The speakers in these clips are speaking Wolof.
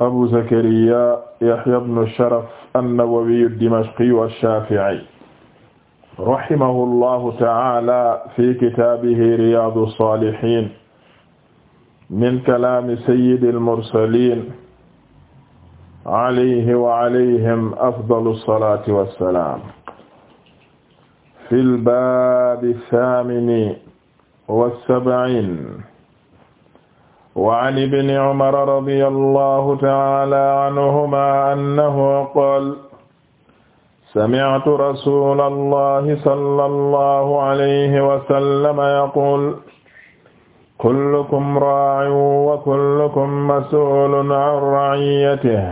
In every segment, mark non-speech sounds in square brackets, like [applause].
abu zakariya yahya bnu sharaf annawawiyu dimashqiyu alshafi'i rahimahu allahu taala fi kitaabihi riyaadu saalihiin min kalaami sayyidi almursaliin alayhi wa alayhim afdalu salaati wa salaam fil baabi saamini wa sab'iin wa an ibni umara radiyallahu ta'ala anhuma annahu qaala sami'tu rasulallahi sallallahu alayhi wa sallam yaqulu kullukum raa'in wa kullukum mas'uulun an ra'iyyatihi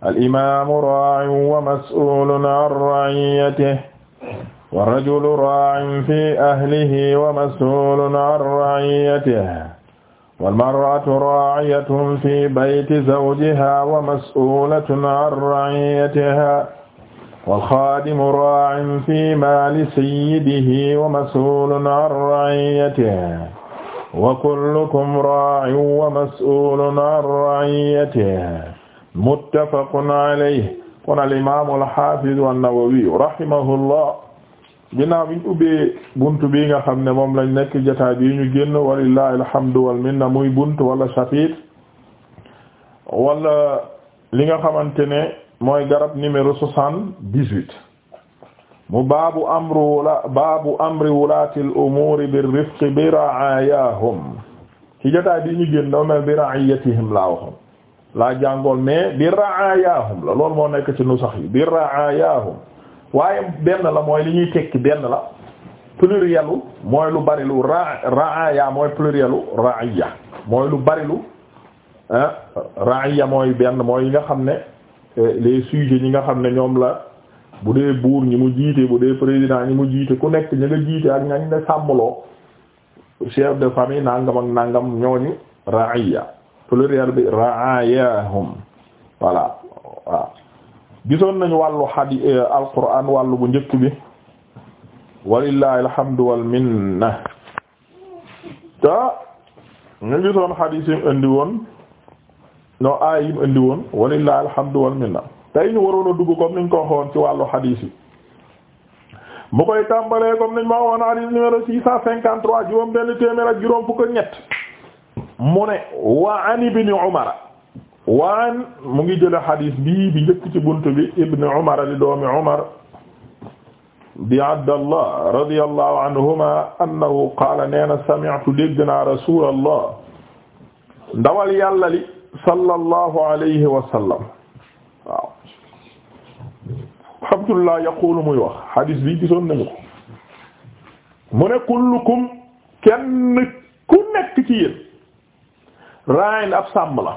al-imaamu raa'in wa mas'uulun an ra'iyyatihi wa rajulun raa'in fi ahlihi wa mas'uulun an ra'iyyatihi والمرأة راعية في بيت زوجها ومسؤولة عن رعيتها والخادم راع في مال سيده ومسؤول عن رعيته وكلكم راع ومسؤول عن رعيته متفق عليه قال الإمام الحافظ النووي رحمه الله ginnaaw biñ ubbi bunt bi nga xam ne moom lañ nekk jotaay bi ñu génn walillahi alhamdu wal minna muy bunt wala chapitre wala li nga xamante ne mooy garab numéro soixante-dix-huit mu baabu amru wala baabu amri wulaati al umuuri bir rifqi bi ra'aayahum ci jotaay bi ñu génn dama bi ra'ayatihim laa waxoon laa jàngoon mais bi ra'aayahum la loolu moo nekk ci nu sax yi bi ra'aayahum waaye benn la mooy li ñuy tekki benn la pluriel u mooy lu bari lu ra raaya mooy pluriel u raaya mooy lu bari lu raaya mooy benn mooy yi nga xam ne eh, les sujets ñi nga xam ne ñoom la bu dee buur ñi mu jiite bu dee président ñi mu jiite ku nekk ña nga jiite ak ña ne sàmmloo chef de famille nangam ak nangam ñooñu raaya pluriel bi raayahum voilà waaw gisoon nañu wàllu xadi eh, alquran wàllu bu njëkk bi walillahi alhamdu wal minna ta ñu gisoon xadiis yi mu indi woon no aay yi mu indi woon walillahi alhamdu wal tey ñu waroon a dugg comme niñ ko waxoon ci wàllu xadiis yi mu koy tàmbalee comme niñ ma waxoon xadiis numéro six cent trois juróom benn téeméer ak juróom fukk ak ñett mu ne wa an ibni umara waan mu ngi jële xadis bii bi njëkk ci bunt bi ibni umar di doomi umar di abdallah radiyallahu anhuma annahu qaala nee na sami'tu dégg naa rasulallah ndawal yàlla li sallallahu alayhi wa sallam waaw wax xadis bi kullukum kenn ku nekk ci ab sàmm la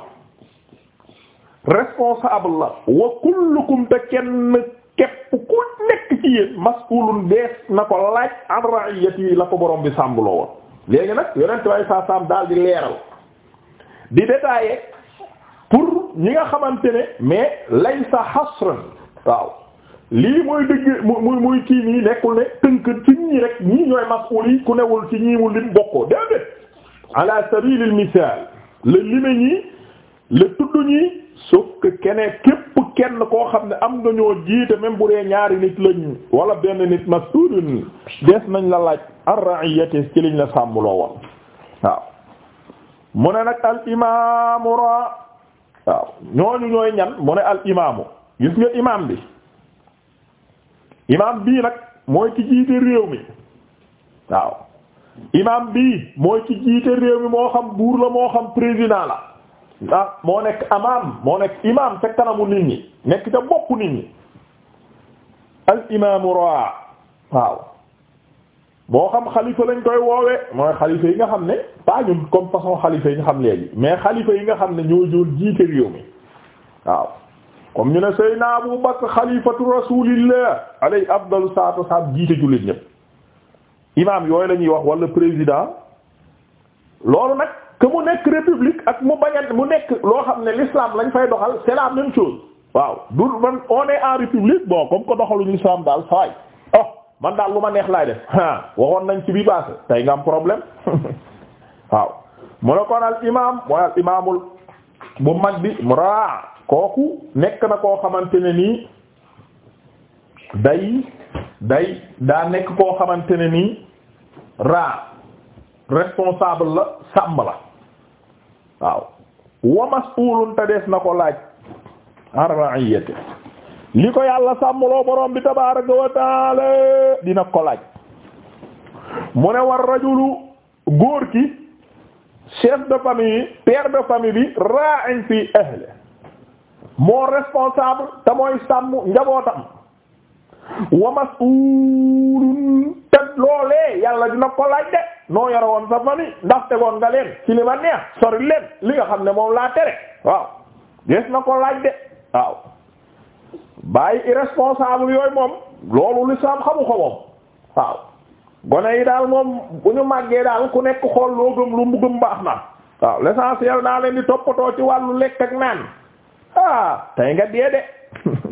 responsable la wa kullukum te kenn képp ku nekk ci yéen mas'ulun dees na ko laaj an ra'iyati la ko borom bi sàmbuloo woon léegi nag yonent way sa sam daal di leeral di détailler pour ñi nga xamante ne mais laysa hasran waaw lii mooy dëgg muy muy kii nii nekkul ne tënk ci ñii rek ñii ñooy mas'ul yi ku newul ci ñii mu lim bokkoo déedéet ala sabilil misal le lime ñii la tudd ñi sauf keneen képp kenn koo xam ne am nga ñoo jiite même bu dee ñaari nit lañ wala benn nit mas'ulun des nañ la laaj ar-ra'iyati ci liñ la sàmmloo woon waaw mu ne nag al imaamu ra waaw ñooñu ñooy ñan mu ne al imaamu gis nga imaam bi imaam bii nag mooy ki jiite réew mi waaw imaam bii mooy ki jiite réew mi moo xam buur la moo xam président la ah moo nekk amaam moo nekk imaam ca kanamu nit ñi nekk ca boppu nit ñi al imaamu raa waaw moo xam xalifa lañ koy woowee mooy xalifa yi nga xam ne pas ñun comme façon xalifa yi nga xam léegi mais xalifa yi nga xam ne ñoo joon jiite réew mi waaw comme ñu ne Seydina Abu Bakr xalifatu rasulillah alay afdalu salaatu wassalaam jiite jullit ñëpp imaam yooyu lañuy wax wala président loolu nag que mu nekk république ak mu bañ a mu nekk loo xam ne lislaam lañ fay doxal c'est la même chose waaw du man on est en république bon comme ko doxaluñu islam daal saay oh man daal lu ma neex laay def ah waxoon nañ ci bi passé tey nga am problème [laughs] waaw mu ne kon al imam mooy al imaamul bu mag bi mu raa ah, kooku nekk na koo xamante ne nii day day daa nekk koo xamante ne nii raa responsable la sàmm la waaw wa mas'ulun te dees na ko laaj an ra'iyati li ko yàlla sàmmloo borom bi tabaaraka wa dina ko laaj mu ne war rajulu góor ki chef de famille père de famille bi ra'in fi ahli moo responsable te mooy sàmm njabootam wa mas'ulun te loolee yàlla dina ko laaj de noo yore woon sa famille ndax tegoon nga leen ci li ma neex sori leen li nga xam ne moom laa tere waaw gis na ko laaj de waaw bàyyi irresponsable yooyu moom loolu lislaam xamu ko moom waaw gone yi daal moom bu ñu màggee daal ku nekk xool loo gëm lu mu gëm baax na waaw l'essentiel naa leen di toppatoo ci wàllu lekk ak naan ah nga dee de [laughs]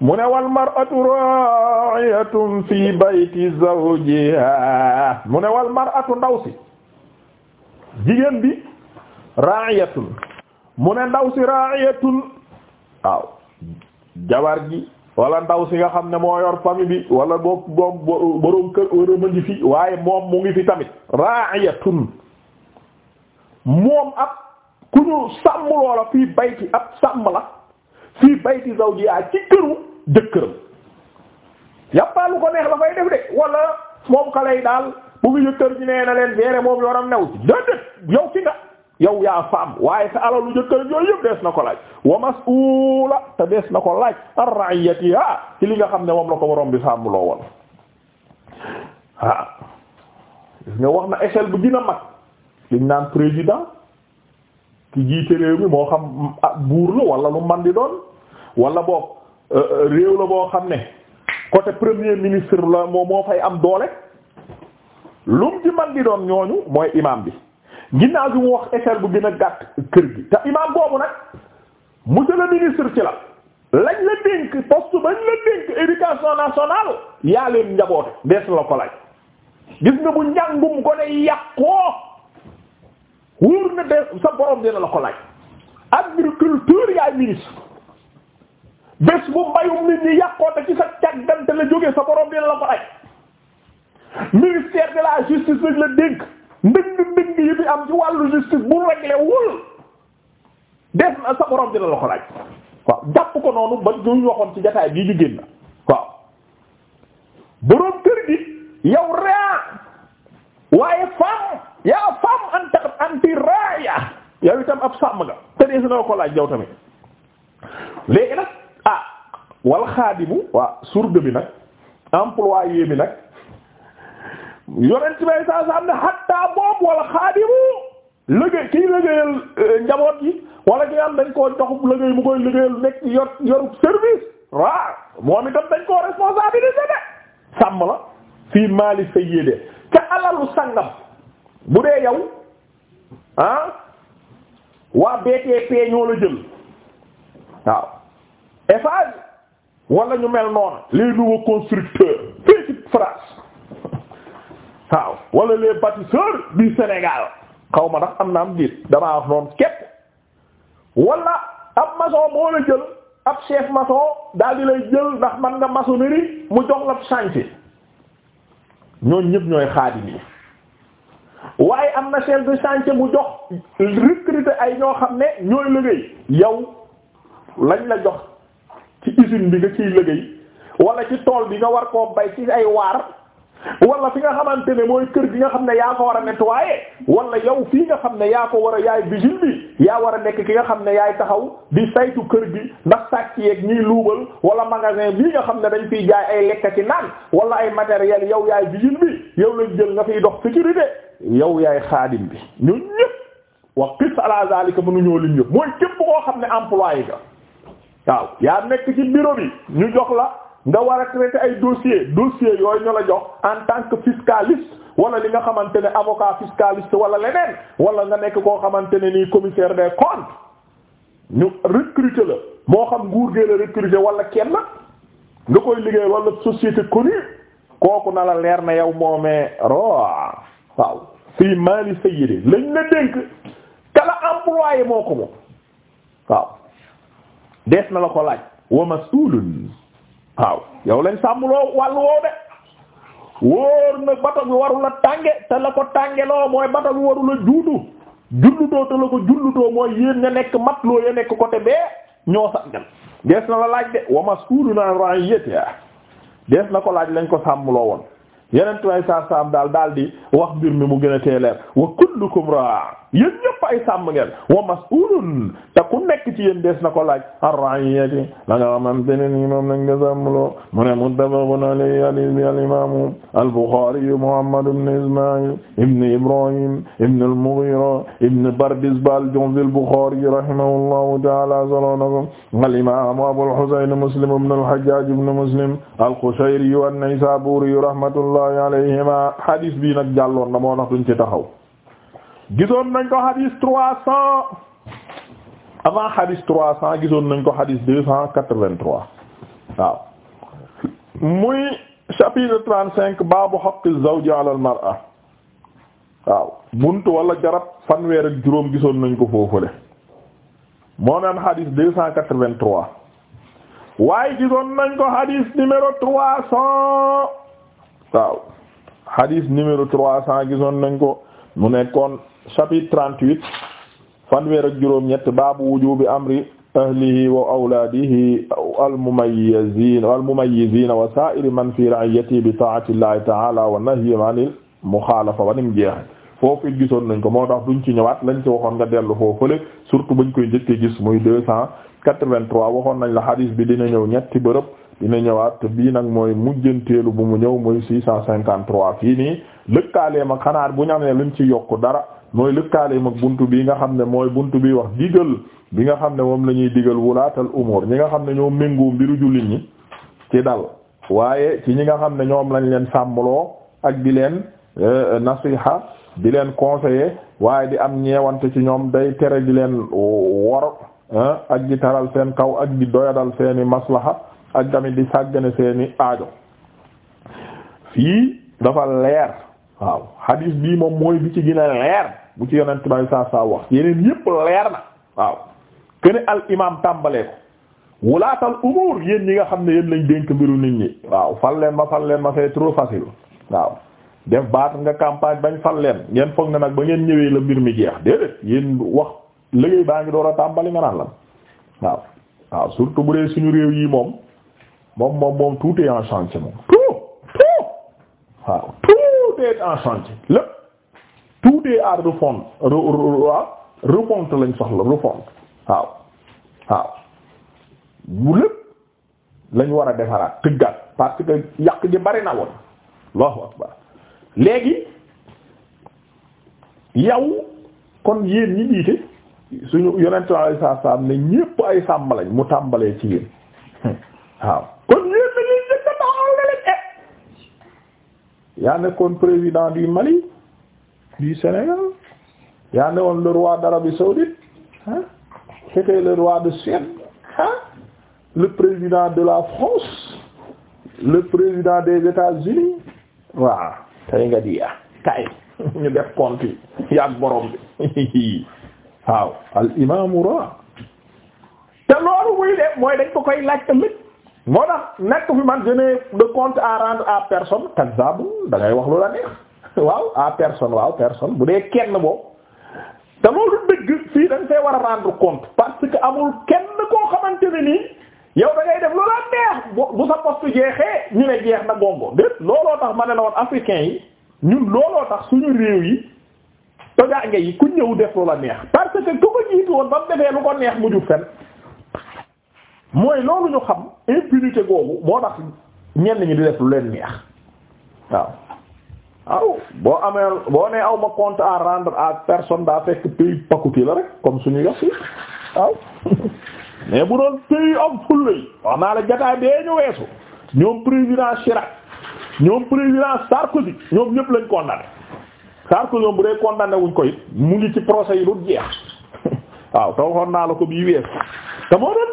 mu ne wal mar'atu ra'iyatun fi bayti mu ne wal mar'atu ndaw si jigéen bi ra'iyatun mu ne ndaw si ra'iyatun waaw jabar gi walla ndaw si nga xam ne moo yor famille bi wala boo boo boroom kër wala ma ngi fi waaye moom mu ngi fi tamit ra'iyatun moom ab ku ñu sàmm loola fii bayti ab sàmm la fii bayti zawjiha ci këru jëkkëram yàppaa lu ko neex la fay def de walla moom kale yi daal bu ngi ji nee na leen gérer moom yoram new ci déedéet yow ci nga yow yaa faam waaye sa alalu jëkkër yooyu yëpp dees na ko laaj wa mas'ula te dees na ko laaj ar ra'iyatiha ci li nga xam ne moom la ko borom bi sàmmloo woon ah nga wax na échelle bu gën mag liñ naan président ki jiite réew mi moo xam ah, buur la wala lu man di doon wala boog euh, euh, réew la boo xam ne côté premier ministre la moo moo fay am doole lum ci man di doon ñooñu mooy imam bi ginnaaw bi mu wax échelle bu gën a gàtt kër gi te imam boobu nag monsieur ministre ci la lañ la dénk poste bañ la dénk éducation nationale yaa leen njaboote dees la ko laaj gis nga bu njàngum ko yàqoo wóor na de sa borom dina la ko laaj agriculture yaay ministre bés bu mbayum nit ñi yàqoo te ci sa càggante la jógee sa borom dina la ko aj ministère de la justice lañ la dénk ndëng ndëng yi bi am ci wàllu justice bu réglé wul def na sa borom dina la ko laaj jàpp ko noonu ba ñu waxoon ci jotaay bii ñu génn waaw borom kër gi yow raa waaye femme yaa femme anti anti raaya yow itam ab sàmm nga te si na ko laaj tamit léegi nag wal xaadimu waaw surga bi nag employé bi nag yonent bay saa saa am ne xattaa boobu wal xaadimu liggéey kiy liggéeyal euh, njaboot yi wala ki am dañ koo joxub liggéey mu koy liggéeyal nekk yor yorub service waaw moom itam dañ koo responsabilité de sàmm la fii maali sayyide ca alalu sangam bu dee yow ah waa BTP ñoo la jël waaw Eiffage wala ñu mel noona les nouveaux constructeurs fii ci France waaw wala les bâtisseurs du Sénégal xaw ma ndax am na am diir damaa wax noonu képp wala ab maçon moo la jël ab chef maçon daal di lay jël ndax man nga maçonnerie mu jox la chantier ñooñ ñëpp ñooy xaadim yi waaye am na chef de chantier mu jox recruter ay ñoo xam ne ñooy liggéey yow lañ la jox ci usine bi nga ciy liggéey wala ci tool bi nga war koo bay ci ay waar wala fi nga xamante ne mooy kër gi nga xam ne yaa ko war a nettoyer wala yow fii nga xam ne yaa ko war a yaay vigile bi yaa war a nekk ki nga xam ne yaay taxaw di saytu kër bi ndax sàcc yeeg ñuy luubal wala magasin bii nga xam ne dañ fiy jaay ay lekk ci naan wala ay matériel yow yaay vigile bi yow lañ jël nga fiy dox sécurité yow yaay xaadim bi ñun ñëpp wa qis ala zalika mënuñoo lim yëpp mooy képp koo xam ne employé ga waaw yaa nekk ci bureau bi ñu jox la nga war a traiter ay dossier dossier yooyu ñu la jox en tant que fiscaliste wala li nga xamante ne avocat fiscaliste wala leneen wala nga nekk koo xamante ne nii commissaire des comptes ñu recruter la moo xam nguur gee la recruter wala kenn nga koy liggéey wala société connue kooku na la leer na yow moomee ro waaw fii maali sayyidi lañ la dénk kala employé moo ko moom waaw dees na la ko laaj wa mas'ulun waaw yow lañ sàmmloo wàllu woow de wóor na bato bi waru la tànge te la ko tàngeloo mooy bato bi waru la juutu jullutoo te la ko jullutoo mooy yéen nga nekk matloo ya nekk côté bee ñoo sàggan dees na la laaj de wa mas'ulun an ra'iyatiha dees na ko laaj lañ ko sàmmloo woon yeneen tuway sa sam daal daal di wax mbir mi mu gën a teeleer wa kullukum ra' yéen ñëpp ay sàmm ngeen wa mas'ulun te ku nekk ci yéen des na ko laaj ar-ra'iyati la nga xamante ne nii moom lañ nga sàmmloo mu ne muttafaqun alayhi hadith bi al-imam al-Bukhari Muhammad ibn Isma'il ibn Ibrahim ibn al-Mughira ibn Bardizbah al-Ju'fi al-Bukhari rahimahullahu ta'ala solo na ko al-imam Abu al-Husayn Muslim ibn al-Hajjaj ibn Muslim al-Qushayri an-Naysaburi rahmatullahi alayhima hadith bi nag jàlloon na moo tax duñ ci taxaw gisoon nañ ko hadis trois cent avant hadis trois cent gisoon nañ ko hadis deux cent quatre-vingt-trois waaw muy chapitre trente-cinq baabu haqqi zawji ala mar'a waaw bunt wala garab fanweer ak juróom gisoon nañ ko foofule moo naan hadis deux cent quatre-vingt-trois waaye gisoon nañ ko hadis numéro trois cent waaw hadis numéro trois cent gisoon nañ ko mu nekkoon chapitre trente-huit weer ak juróom-ñett baabu wujubi amri ahlihi wa awlaadihi almumayyiziin almumayyiziin wa saa'iri man fi ra'iyyatihi bi taa'ati llahi ta'ala wa nahyi anil muxaalafa wa nim jeexe foofu it gisoon nañ ko moo tax duñ ci ñëwaat lañ ci waxoon nga dellu foofule surtout bañ koy njëkkee gis muy deux cent quatre-vingt-trois waxoon nañ la hadis bi dina ñëw ñetti bërëb dina ñëwaat bii nag mooy mujjanteelu bu mu ñëw muy six cent cinquante-trois fii nii lëkkaaleem ak xanaat bu ñu amee luñ ci yokk dara mooy lëkkaaleem ak bunt bii nga xam ne mooy buntu bi wax digal bi nga xam ne moom lañuy ñuy digal wulaatal umur ñi nga xam ne ñoo méngoo mbiru jullit ñi ci dal waaye ci ñi nga xam ne ñoom lañ leen sàmmaloo ak di leen euh, nasiha di leen conseiller waaye di am ñeewante ci ñoom day tere di leen wor ak di taral seen kaw ak di doyadal seeni maslaha ak tamit di sàggane seeni aajo fii dafa leer waaw hadis bii moom mooy bi ci gën leer bu ci yonent bay saa saa wax yeneen yépp leer na waaw kene al imam tàmbalee ko wulaatal umur yéen ñi nga xam ne yéen lañ dénk mbiru nit ñi waaw fal leen ma fal leen ma c'est trop facile waaw def baat nga campagne bañ fal leen ngeen foog ne nag ba ngeen ñëwee la mbir mi jeex déedéet yéen wax liggéey baa ngi door a tàmbali nga naan lan waaw waaw surtout bu dee suñu réew yi moom moom moom moom tout est en chantier lépp tout est à refondre refonte ah, lañ soxla refonte waaw waaw bu lépp lañ war a defaraat tëggaat parce que yàq ji bari na woon allahu akbar léegi yow kon yéen ñi jiite suñu yonentu Yàlla sallallahu alayhi wasallam ne ñépp ay sàmbalañ mu tàmbalee ci yéen [laughs] waaw yaa nekkoon président du Mali du Sénégal yaa ne woon le roi d'Arabie saoudite hein c'était le roi de Suède hein le président de la France le président des États-Unis waaw tey nga di ah kay ñu def compte yi yaag borom bi [laughs] waaw al imam ra te loolu muy def mooy dañ ko koy laaj tamit moo tax nekk fi man je n'ai de compte à rendre à personne kazab da ngay wax lu la neex waaw à personne waaw personne bu dee kenn boobu te loolu dëgg fii da nga war a rendre compte parce que amul kenn koo xamante nii yow da ngay def lu la neex bu sa poste jeexee ñu ne jeex na gongo déet looloo tax ma ne la woon africain yi ñun looloo tax suñu réew yi tojaange yi ku ñëw def lu a neex parce que ku ko jiitu woon ba mu defee lu ko neex mujju fen mooy loolu ñu xam impunité googu moo tax ñenn ñi di def lu leen neex waaw aw boo amee boo nee aw ma compte à rendre à personne daa fekk pays pakuti la rek comme suñu yox yi waaw [laughs] mais bu doon pays am fulla yi wax naa la jataay bee ñu weesu ñoom président Chirac ñoom président Sarkozy ñoom ñëpp lañ condamné Sarkozy ñoom bu dee condamné wuñ ko it mu ngi ci procès yi du jeex [laughs] waaw taw xoon naa te moo doon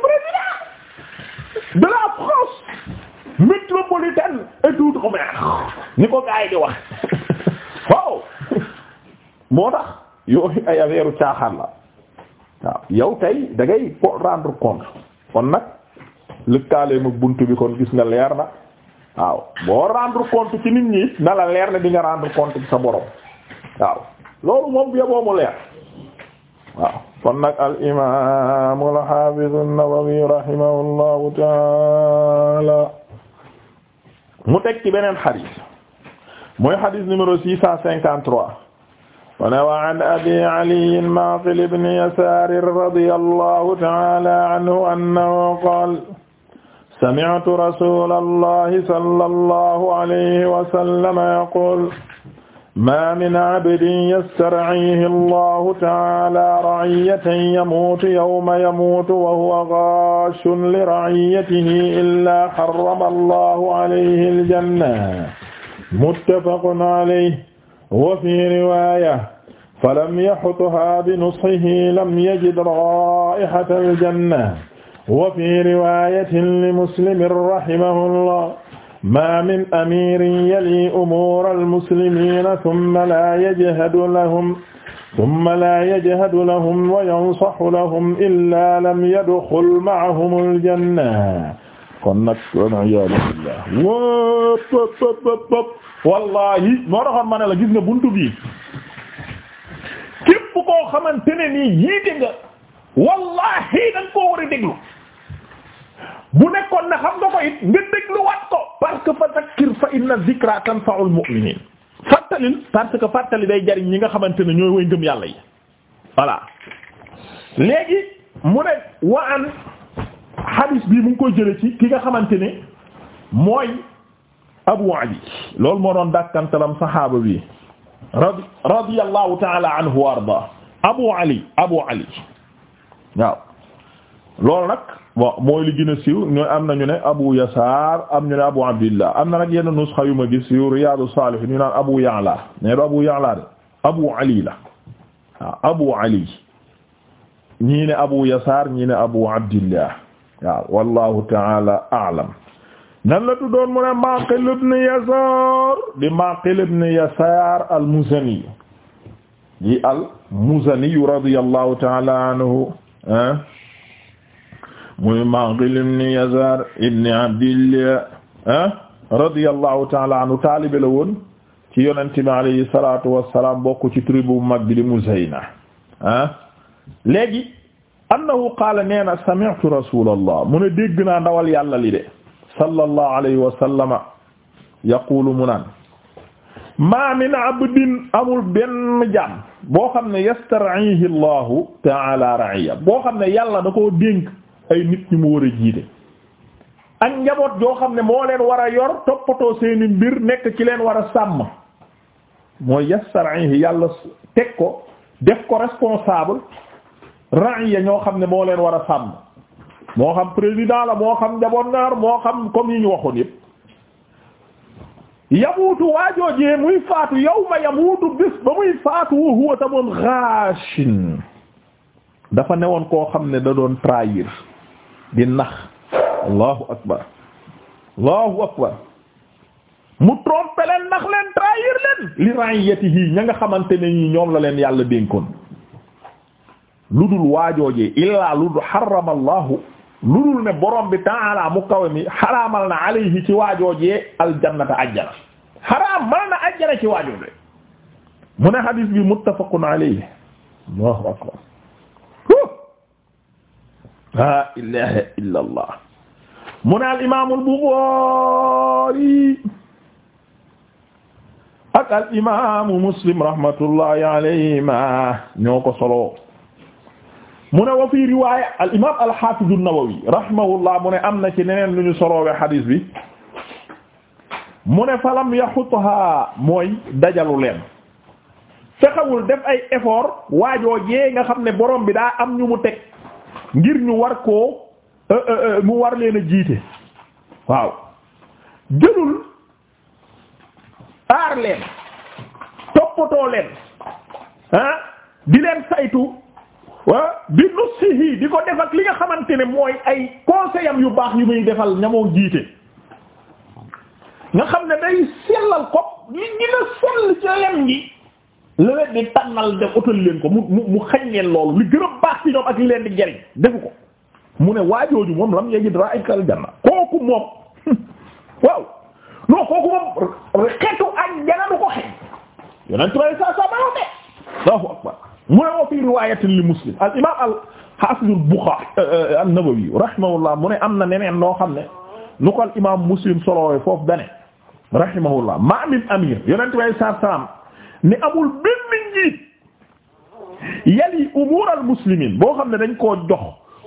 de la France métropolitaine et mer ni ko gaay di wax waaw moo tax yooyu ay affaire caaxaan la waaw yow tey dangay ngay po rendre compte kon nag lëkkaaleem ak bunt bi kon gis nga leer na waaw boo rendre compte ci nit ñi nala la leer na di nga rendre compte sa borom waaw loolu moom biyoboo mu leer waaw kon nag al imaam al haafiz an-Nawawi rahimahullahu taala mu teg ci beneen xadis mooy xadis numéro six cent cinquante-trois mu ne wa an abi ali maqil ibn yasar radiyallahu taala anhu annahu qaala sami'tu rasulallahi sallallahu alayhi wa sallam yaqul ma min abdin yastar'ihi allahu taala ra'iyatan yamuutu yawma yamuutu wa huwa ghaashun li ra'iyatihi illaa harrama allahu alayhi aljanna muttafaqun alayhi wa fii riwaaya falam yahuthaa binushihi lam yajid raa'ihata aljanna wa fii riwaayatin li muslimin rahimahullah ma min amirin yali umuura almuslimina tumma laa yajhadu lahum tumma laa yajhadu lahum wa yansahu lahum illaa lam yadxul ma'ahum aljanna kon nag waliyaadu billah wop pop pop pop wallahi moo taxoon ma ne la gis nga buntu bi képp koo xamante ne nii yiite nga wallahi danga koo war a déglu bu nekkoon na xam nga ko it nga déglu wat ko parce que fa zakkir fa inna zikra tanfa'ul mu'minin fàttalil parce que fàttali day jariñ ñi nga xamante ne ñooy way ngëm yàlla yi voilà léegi mu ne wa an hadis bi mu ngi koy jële ci ki nga xamante ne mooy Abu Ali loolu moo doon dàkkantalam saxaaba bi radi radiyallahu ta'ala anhu wa arda Abu Ali Abu Ali waaw loolu nag bon mooy li gën am na ñu ne Abu Yasaar am ñu ne Abu Abdillah na nag yenn yu ma gis yu Riyaadu Saalihiin ñu naan Abu Ya'la mais du Abu Ya'la de Abu Ali la waaw Abu Ali ñii ne Abu Yasaar ñii ne Abu Abdillah waaw wallahu ta'ala a'lam nan la tuddoon mu ne Maqil ibn Yasaar di Maqil ibn Yasaar al-Muzani di al ta'ala anhu muy Maqil ibn Yazar ibn Abdillah ah, radiyallahu ta'ala anhu taalibe la woon ci yonente bi alayhi salatu wassalam ci tribu bu mag bi di Muzayna ah léegi annahu qaala nee na mu ne dégg naa ndawal yàlla li de sallallahu alayhi wa sallama yaqulu mu naan ma min abdin amul benn jaam boo xam ne yastar'ihi allahu ta'ala ra'iya boo xam ne yàlla da koo dénk ay nit ñu mu war a jiite ak njaboot joo xam ne moo leen war a yor toppatoo seeni mbir nekk ci leen war a sàmm moo mooy yassarihi yàlla teg ko def ko responsable ra'iya ñoo xam ne moo leen war a sàmm moo xam président la moo xam njaboot naar moo xam comme yi ñu waxoon yëpp yamuutu waajoojee muy faatu yawma yamuutu bis ba muy faatu wa huwa tamoon xaashin dafa newoon koo xam ne da doon trahir di nax allahu akbar allahu akbar mu trompé leen nax leen trahir leen li ra'iyatihi ña nga xamante ne ñoom la leen yàlla dénkoon lu dul waajoojee illaa ne borom bi ta'ala mu kawe mi xaraamal na alayhi ci waajoojee aljannata ajjana xaraamal na ajjana ci waajoojee mu ne xadiis bi muttafaqun alayhi allahu akbar la ilaha illa allah mu ne al imam al Bukhari ak al imam Muslim rahmatullahi alayhima ñoo ko solo mu ne wa fi riwaya al imam al hafiz an-Nawawi rahimahullah mu ne am na ci neneen lu ñu soloowe hadis bi mu ne falam yaxutha mooy dajalu leen fexewul def ay effort waajoo jee nga xam ne borom bi daa am ñu mu teg ngir ñu war koo euh, euh, euh, mu war leen a jiite waaw jëlul aar leen toppatoo leen ah, di leen saytu wa bi nussihi di ko def ak li nga xamante ne mooy ay conseil yu baax yu muy defal ñamoo jiite nga xam ne day sellal ko li gën a sell ci lem leneen di tànnal def utal leen ko mu mu mu leen loolu li gën baax ci ñoom ak li leen di jariñ defu ko mu ne waajooju moom lam yajid ra'ikal janna kooku moom [laughs] waaw non kooku moom xetu ak janna ko xeeñ yonent bi saa saa baloon de mu ne wa fi riwaayatin li muslim al imaam al hafiz al Bukhari euh, euh, an-Nawawi mu ne am na neneen noo xam ne nu ko al imaam muslim solowee foofu dane rahimahullah ma min amir yonent bi saa saa ni amul benn njiit yali umur al muslimin boo xam ne dañ koo jox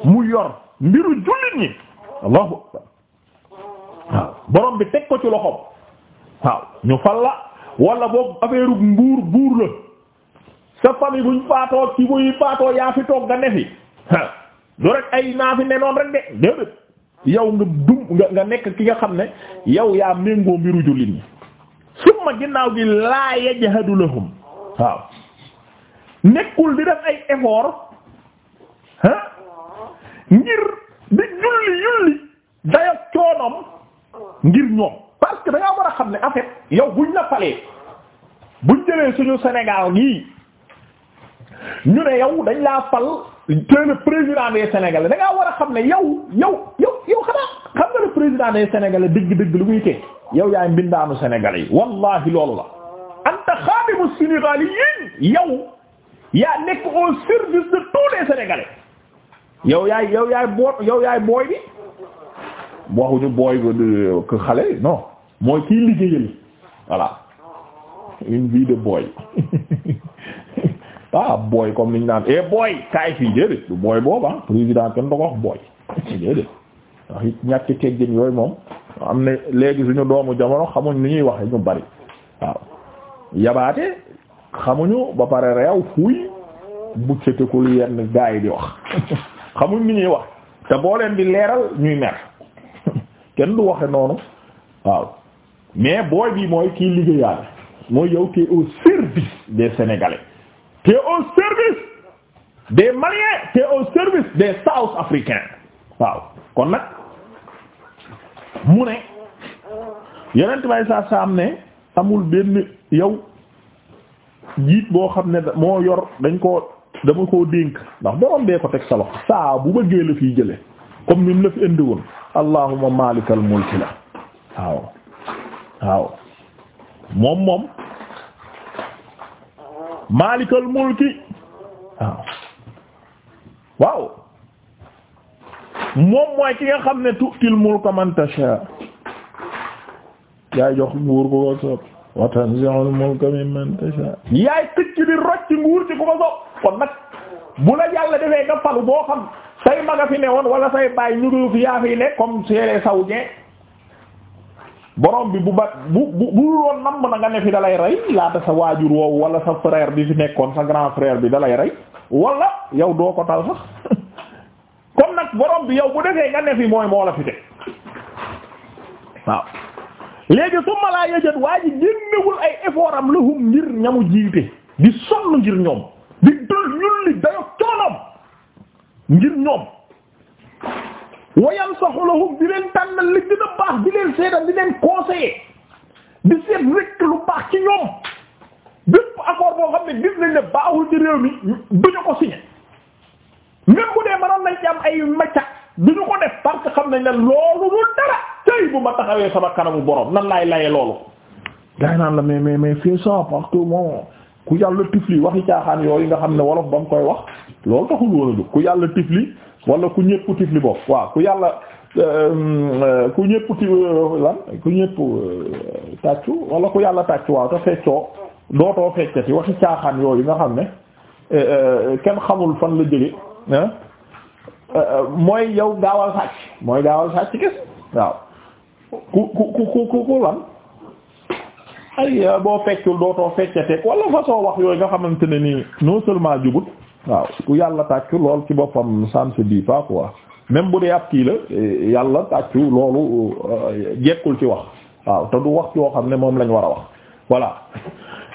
mu yor mbiru jullit ñi allahu akbar waaw borom bi teg ko ci loxoom waaw ñu fal la wala boobu affaire nguur buur la sa famille buñ faatoo ci buy faatoo yaa fi toog nga ne fi du rek ay naa fi ne rek de déedéet yow nga dum nga nekk ki nga xam ne yow yaa méngoo mbiru jullit ñi summa ginnaaw gi laa yajhadu waaw nekkul di def ay effort ah ngir di julli julli dayo coonoom ngir ñoom parce que da a xam ne en fait yow buñ la falee buñ jëlee suñu Sénégal gii ñu ne yow dañ laa fal te le président des sénégalais da ngaa war a xam ne yow yow yow yow xanaa xam nga le président des sénégalais dëgg-dëgg lu muy teg yow yaay mbindaanu sénégalais yi wallahi loolu la anta xaadimu sénégaliyyin yow yaa nekk au service de tous les sénégalais yow yaay yow yaay boo yow yaay booy bi waxuñu booy que xale non mooy kiy liggéeyal voilà une vie de boy [laughs] ah booy comme niñ naan eh booy kaay fii déedéet du booy booba président kenn du ko wax booy [laughs] déedéet yooyu moom am na léegi suñu doomu jamono xamuñ ni ñuy waxe ñu bari waaw yabaate xamuñu ba pare reew fuuy buccate ko lu yenn gaa di wax [laughs] xamuñ ni ñuy wax te boo leen di leeral ñuy mer [laughs] kenn du waxe noonu waaw mais booy bi mooy kii liggéeyaale mooy yow kii au service des Sénégalais tu es service des Maliens tu es service des South Africains waaw kon nag mu ne yeneen may sa sa am ne amul benn yow jiit boo xam ne moo yor dañ ko dama ko dénk ndax borom bee ko teg sa loxo saa bu bëggee la fiy jële comme ni mu la fi indi woon allahumma malikal la waaw waaw moom moom maalikal mulki waaw waaw moom mooy ki nga xam ne tu'til mulka man tasha yaay jox nguur ko ko soob wa tanzi'ul mulka mimman tasha yaay tëcc di rocc nguur ci ku ko soob kon nag bu la yàlla defee nga falu boo xam say maga fi ne woon wala say baay ñu dul fi yaa fi ne comme c'est les Saoudiens borom bi bu ba bu bu bu doon nam na nga ne fi dalay rey laata sa waajur woowu wala sa frère bi fi nekkoon sa grand frère bi dalay rey wala yow doo ko tal sax [laughs] kon nag borom bi yow bu defee nga ne fi mooy moo la fi teg waaw léegi su ma laa yëjët waa ji génnewul ay effort am lahum ngir ñamu jiite di sonn ngir ñoom di dël ñun li dayo coonoom ngir ñoom wa yansahu lahum di leen tànnal li gën a baax di leen seetal di leen conseiller di seet rek lu baax ci ñoom bépp accord boo xam ne gis nañ ne baaxul ci réew mi duñu ko signé même bu dee mënoon nañ ci am ay macca duñu ko def parce xam ne loolu lu dara tey bu ma taxawee sama kanamu borom nan laay laye loolu gaa naan la mais mais mais fii ça parce que moom ku yàlla tifli waxi caaxaan yooyu nga xam ne wolof ba mu koy wax loolu taxul woon a ku yàlla tifli wala ku ñëpp tifli bopp waaw ku yàlla euh, ku ñëpp ti euh, lan ku ñëpp euh, tàccu wala ku yàlla tàccu waaw te feccoo dootoo feccati waxi caaxaan yooyu nga xam ne kenn xamul fan la jóge mooy yow gaawal sàcc mooy gaawal sàcc kes waaw ku ku ku ku ku lan ay boo feccul dootoo feccateeg wala façon wax yooyu nga xamante ne nii non seulement jubut waaw ku yàlla tàccu lool ci boppam ça ne se dit pas même bu dee kii la yàlla tàccu loolu euh, jekkul ci wax waaw te du wax yoo xam ne moom lañ war a wax voilà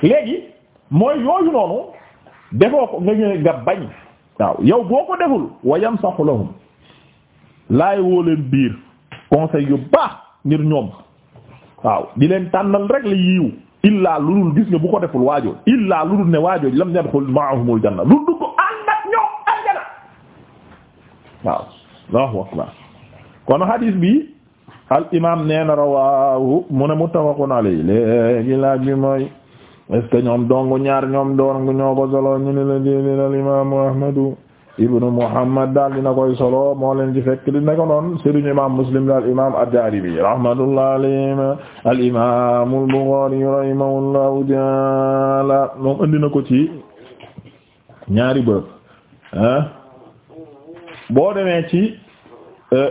léegi mooy yooyu noonu defoo ko nga bañ waaw yow boo ko deful wayam saxu lahum laay woo leen biir conseil yu baax ngir ñoom waaw di leen tànnal rek la yiiw illaa lu dul gis nga bu ko deful waajooj illaa lu dul ne waajooj lam yadxul ma'ahumul janna lu dugg waaw Allahu akbar kon hadis bi al imam nee na mu ne muttafaqun alayhi léegi laaj bi mooy est-ce que ñoom dong ñaar ñoom dong ñoo ko solo ñu ne la déedéet al imaamu ahmadu ibnu muhammad daal dina koy solo moo leen ci fekk di ne ko noon sëriñ imam muslim la al imam ad-Daaribi rahmatullah al imam al-Buxaari rahimahullahu taala moom andi na ko ci ñaari bërëb ah boo demee ci euh,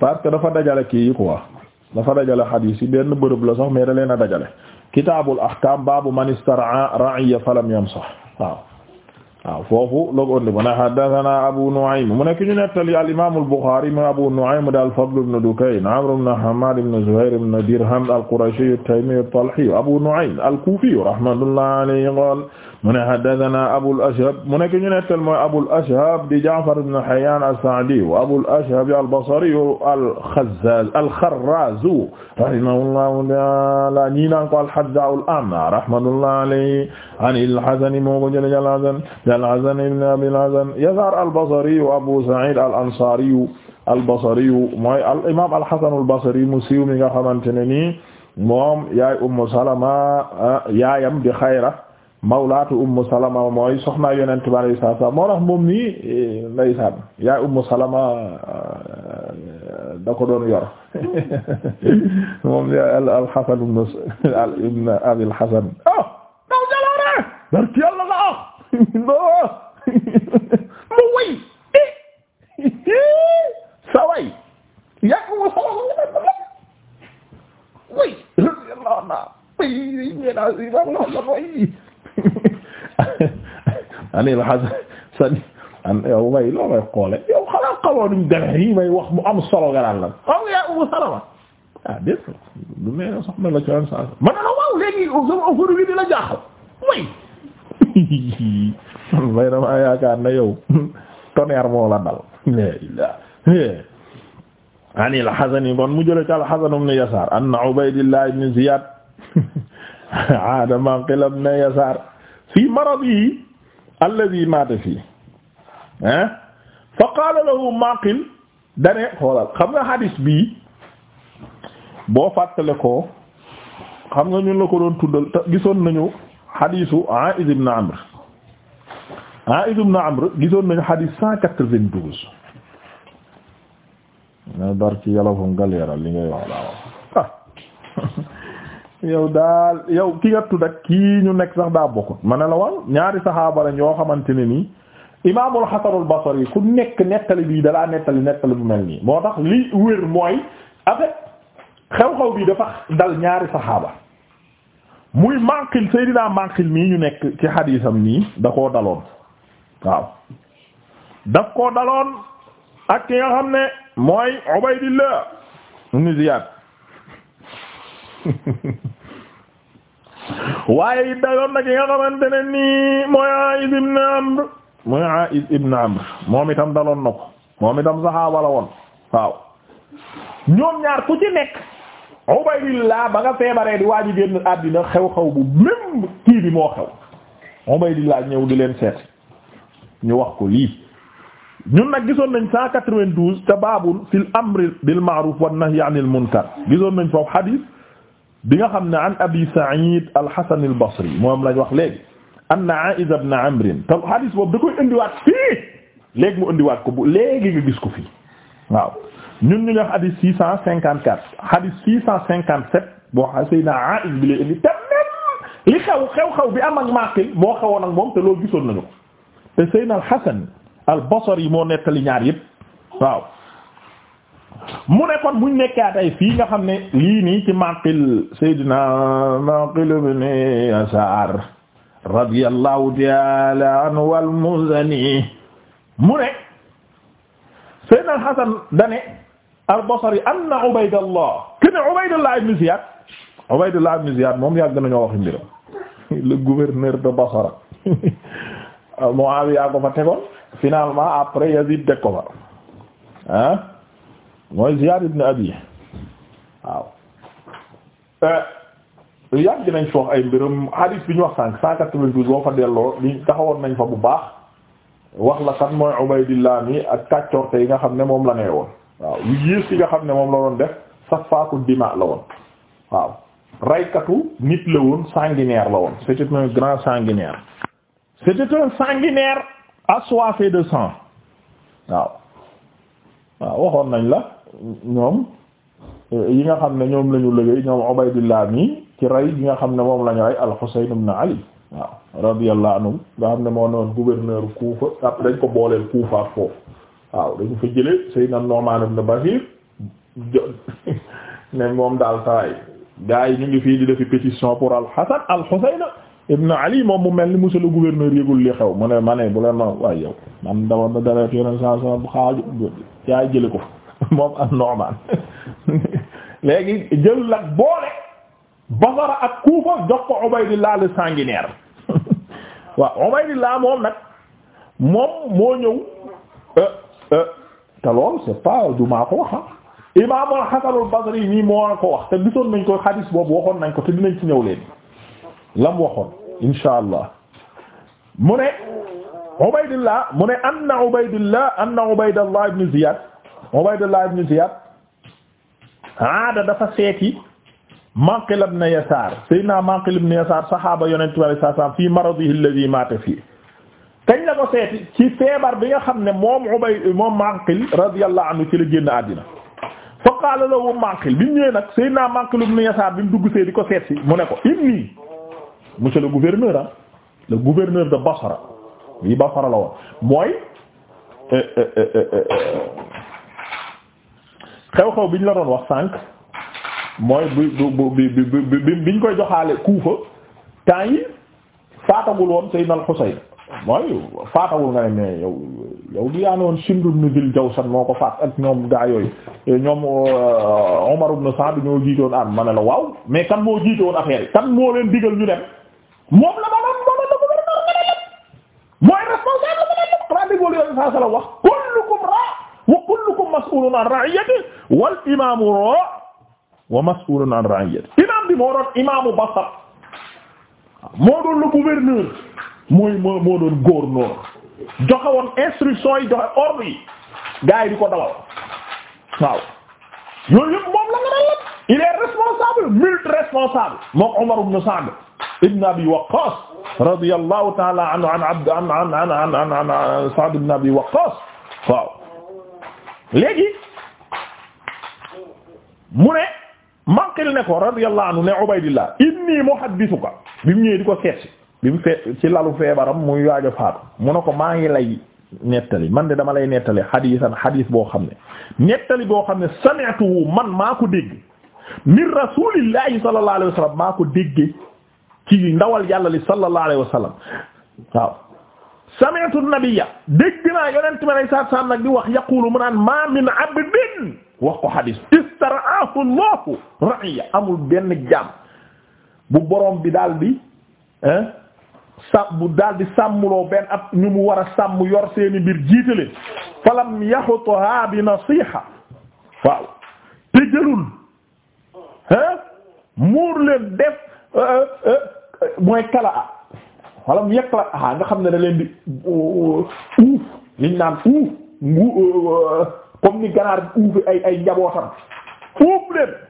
parce que dafa dajale kii yi quoi dafa dajale xadiis yi benn bërëb la sax mais da leen a dajale kitaabul ahkaam baabu man istara'a ra'iya falam yamsah waaw waaw foofu logo ondi mona haddathana abu nu'aym mu nekk ñu nettali al imam al bukhari mu abu nu'aym dal fadl ibn dukayn amr ibn hammad ibn zuhair ibn dirham al qurashi at-taymi at-talhi abu nu'aym al kufi rahmatullahi alayhi mu ne haddathana Abul Ashhab mu nekk ñu nettal mooy Abul Ashhab di Ja'far ibn Hayyan as-Sa'di wa Abul Ashhab al-Basri al-Khazzaz al-Kharraz rahimahullahu ta'ala ñi naan ko al-Hadda al-A'ma rahmatullahi alayhi an al-Hasan moo ko jëlee al-Hasan al-Hasan ibn Abi al-Hasan Yazar al-Basri Abu Sa'id al-Ansari al-Basri mooy al-imam al-Hasan al-Basri mu siiw mi nga xamante ne nii moom yaay Ummu Salama yaayam di Xayra mawlaatu ummu salama mooy soxnaa yonent bi alayhi salaam moo tax moom nii ndeysaan yaay ummu salama da [laughs] al al hasan ibn al hasan ah oh, daw jaloore barki yàlla la [laughs] ah [laughs] way way yaay ummu salama way [laughs] anil hasan an yow may loo may xoole yow xanaa xamoo nuñ demee yi may wax mu am solo nga daan lan xam Umu Salama ah dégg nga lu mel ne ma ne la bi di la way [laughs] may damaa yaakaar yow [laughs] tonnerre moo la dal anil Hasan yi kon mu jële ci al-Hasan Yasaar anna Ubaydillah ibn Ziyad aada [laughs] Maqil ibn Yasaar fii maradihi alladhi maata fii ah fa qaala lahu Maqil dane xoolal xam nga hadis bii boo fàttale ko xam nga ñun la ko doon tuddal te gisoon nañu hadisu Aa'id ibn Amr Aa'id ibn Amr gisoon nañu hadis cent quatre-vingt-douze na bar ci yàlla fo nga leeral li ngay wax laa wax yow daal yow ki nga tudd ak kii ñu nekk sax daa bokkut ma ne la wal ñaari saxaaba lañ yoo xamante ne nii imaamul Hasanul Basri ku nekk nekkali bii dalaa nettali nettali bu mel nii moo tax li wér mooy avec xew-xew bi dafa dal ñaari saxaaba muy Maqil Seydina Maqil mii ñu nekk ci xadiisam nii da koo daloon waaw daf koo daloon ak ki nga xam ne mooy Ubaydillah ibn Ziyad [laughs] waaye it dayoon na ki nga xamante ne nii mooy Aïs ibn Amr mooy Aïs ibn Amr moom itam daloon na ko moom itam saxaaba la woon waaw ñoom ñaar ku ci nekk Ubaydillah ba feebaree di waa ji génn xew-xew bu même kii moo xew Ubaydillah ñëw di leen seet ñu wax ko lii ñun nag gisoon nañ 192 te baabul fil amri bil ma'ruf wan nahyi anil munkar gisoon nañ foofu hadith bi nga xam ne an abi Sa'id al-Hasan al-Basri moom lañ wax léegi anna A'iz ibn Amr te hadis boobu da koy indiwaat fii léegi mu indiwaat ko bu léegi nga gis ko fii waaw ñun ñu ngi wax hadis six cent cinquante quatre hadis six cent cinquante sept boo xam Sayyidina A'iz bi lay indi te même li xew xew-xew bi am ak Maqil moo xewoon ak moom te loolu gisoon nañu ko te Sayyidina al-Hasan al-Basri moo nettali ñaar yëpp waaw mu ne kon buñ xam ne lii nii ci maqil Seydina Maqil ibn Yasaar radiyallahu ta'ala anhu wal Muzani mu ne Seydina al-Hasan dane al-Basri anna Ubaydallah kana Ubaydallah ibn Ziyad Ubaydallah ibn Ziyad moom yàgg nañoo wax mbiram le gouverneur de Basra [laughs] Muawiya ko fa tegoon finalement après Yazid teg ko fa ah mooy Ziyaad ibn Abi waaw eh, yàgg nañ foofu ay mbirum hadith bi ñu wax sànq 192 boo fa delloo li taxawoon nañ fa bu baax wax la kan mooy Ubaydillah mi ak kàccorte yi nga xam ne moom la nee woon waaw yu yées yi nga xam ne moom la doon def safaaku dima la woon waaw raykatu nit la woon sanguinaire la woon c'était un grand sanguinaire c'était un sanguinaire assoiffé de sang waaw waaw waxoon nañ la ñoom yi nga xam ne ñoom la ñu liggéey ñoom Ubaydillah mi ci rey yi nga xam ne moom la ñu rey al-Husayn ibn Ali waaw radiyallahu anhu nga xam ne moo noon gouverneur Kufa après dañ ko booleel Kufa ak foofu waaw dañu fa jëlee Sayyidna Nu'man ibn Bashir ne moom daal saa yi gars yi ñu ngi fii di defi pétition pour al-Hasan al Ali moom mu mel ni monsieur le gouverneur yëgul li xew ma ne ma ne bu leen ma waaye yow man dama dara yaay jële ko [laughs] moom am Nu'man [laughs] léegi jël nag boole Basra ak Kufa jox ko Ubaydillah le sanguinaire [laughs] waaw Ubaydillah moom nag moom moo ñëw euh, euh, te lool c'est pas du maa ko wax ah. Imaam al-Hasan al nii moo ko wax te gisoon nañ ko xadiis boobu waxoon nañ ko te dinañ ci ñëw leen lam waxoon insha allah mu ne Ubaydillah mu ne anna Ubaydillah anna Ubaydallah ibn Ziyad Ubaydallah ibn Ziyad aada dafa seeti Maqil ibn Yasar Seydina Maqil ibn Yasar saxaaba yonent bi sallallahu alayhi wasallam fii maradihi alladhi mata fii kañ la ko seeti ci feebar bi nga xam ne moom Ubayd moom Maqil radiyallahu anhu ci la génn àddina fa qaala lahu Maqil bi mu ñëwee nag Seydina Maqil ibn Yasar bi mu dugg see di ko seet si mu ne ko inni monsieur le gouverneur ah le gouverneur de Basra lii Basra la woon mooy eh, eh, eh, xew-xew biñ la doon wax sànq mooy bi bi bi bi biñ koy joxaale Kuufa temps yi faatagul woon Sayyidina al-Husayn mooy faatagul nga ne mais yow yow di yaa ne woon Shimr ibn Dhil Jawsan moo ko faat ak ñoom gaa yooyu ñoom Umar euh, ibn Sa'd ñoo jiitoon am ah, ma la waaw mais kan moo jiitoon affaire yi moo leen digal ñu dem moom la mooy responsable xanaa déggoo li saa sala wax kullukum raa wa kullukum mas'ulun an ra'iyati wal imaamu raa wa mas'ulun an ra'iyati imaam bi moo doon imaamu basar moo doon le gouverneur mooy moo moo doon gouverneur joxe woon instruction yi joxe ordre yi gars yi di ko dawal waaw yooyu yëpp moom la nga daan lépp il est responsable multi responsable moom Umar ibn Sa'd ibn Abi Waqqas radiyallahu ta'ala anhu an abd an an an an an Sa'd ibn Abi Waqqas waaw léegi mu ne manqil ne ko radiyallahu anhu ne Ubaydillah bi mu ñëwee ko seetsi bi ci lalu feebaram muy waaj a faatu mu ne ko maa ngi lay nettali man de dama lay nettali hadisan hadis boo xam ne nettali boo xam ne sami'tu man maa ko dégg min rasulillahi sallallahu alayhi wasallam maa ko déggee ci ndawal yàlla li sallallahu alayhi wa sallam waaw sami'tu nabiyya dégg naa yonent ma nay saat saam di wax yaqulu mu naan ma min abdin wax ko xadis istaraahu allahu ra'iya amul benn jaam bu borom bi daal di sa bu ab ñu mu war a sàmm yor seeni mbir jiitale falam bi nasiha waaw te jëlul ah def euh, euh, mooy kala a wala mu yekk la a nga xam ne da leen di uh, uh, uuf liñ naan uuf ngu uh, comme ni ganaar bi ay ay uuf leen